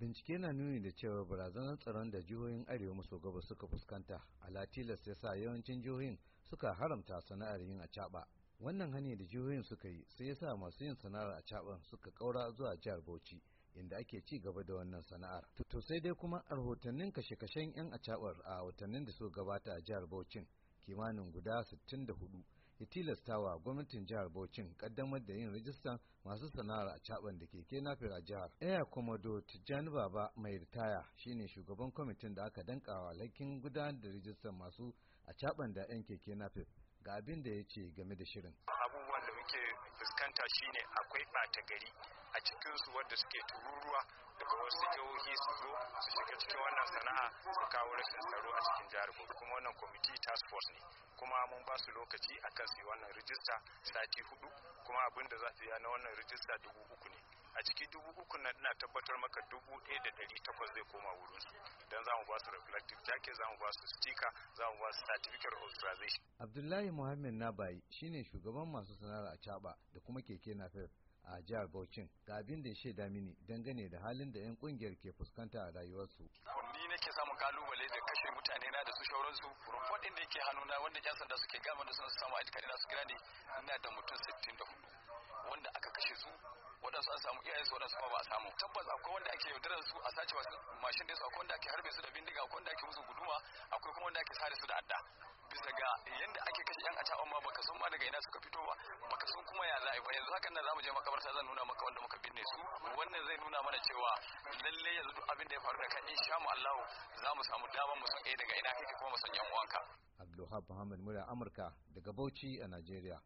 bincike na nuni da cewa barazanar tsaron da jihohin arewa maso gabas suka fuskanta a tilas ya sa yawancin jihohin suka haramta sana'ar yin acaɓa wannan hanyar da jihohin suka yi sai ya sa masu yin sana'ar acaɓan suka kaura zuwa jihar bauchi inda ake ci gaba da wannan sana'ar to sai dai kuma a rahotannin kashe-kashen yan acaɓar a watannin da suka gabata a jihar bauchin kimanin guda 64 ya tilastawa gwamnatin jihar bauchi kaddamar da yin rajistan masu sana'ar a caban da keke nafir a jihar. Eya Komodo Tijjani Baba mai ritaya shine shugaban kwamitin da aka dankawa laikin gudanar da rajistan masu a caban da 'yan keke nafir ga abin da ya ce game da shirin. Abubuwan da muke fuskanta shine akwai ɓata gari a cikinsu wadda suke tururuwa daga wasu jihohi su zo su shiga cikin wannan sana'a su kawo rashin tsaro a cikin jihar Bauchi kuma wannan kwamiti task force ne kuma mun ba su lokaci akan su wannan rijista sati hudu kuma abin da za su yi na wannan rijista dubu uku ne a ciki dubu uku na ina tabbatar maka dubu ɗaya da ɗari takwas zai koma wurin su don za mu ba su reflective jacket za mu ba su sticker za mu ba su certificate of authorization. Abdullahi Muhammad Nabayi shine shugaban masu sana'a a da kuma keke nafef a jihar Bauchin ga abin da ya shaida mini dangane da halin da 'yan kungiyar ke fuskanta a rayuwarsu. Ni nake samun kalubale da kashe mutane na da su shauransu da yake hannuna wanda yan sanda suke gama da sun samu ajikari na su kira ne ina da mutum 64 wanda aka kashe su su an samu iyayensu wanda su ba a samu tabbas akwai wanda ake yaudarar su a sace mashin da su akwai wanda ake harbe su da bindiga akwai wanda ake musu guduma akwai kuma wanda ake sare su da adda bisa ga yanda ake kashe yan a ma baka san ma daga ina suka fito ba baka san hakan nan zamu je makabarta zan nuna maka wanda muka binne su wannan zai nuna mana cewa lalle yanzu abin da ya faru da kai insha Allah za mu samu damar mu san eh, daga ina kake kuma mu san yan uwanka Abdulhab Muhammad Mura Amurka daga Bauchi a Najeriya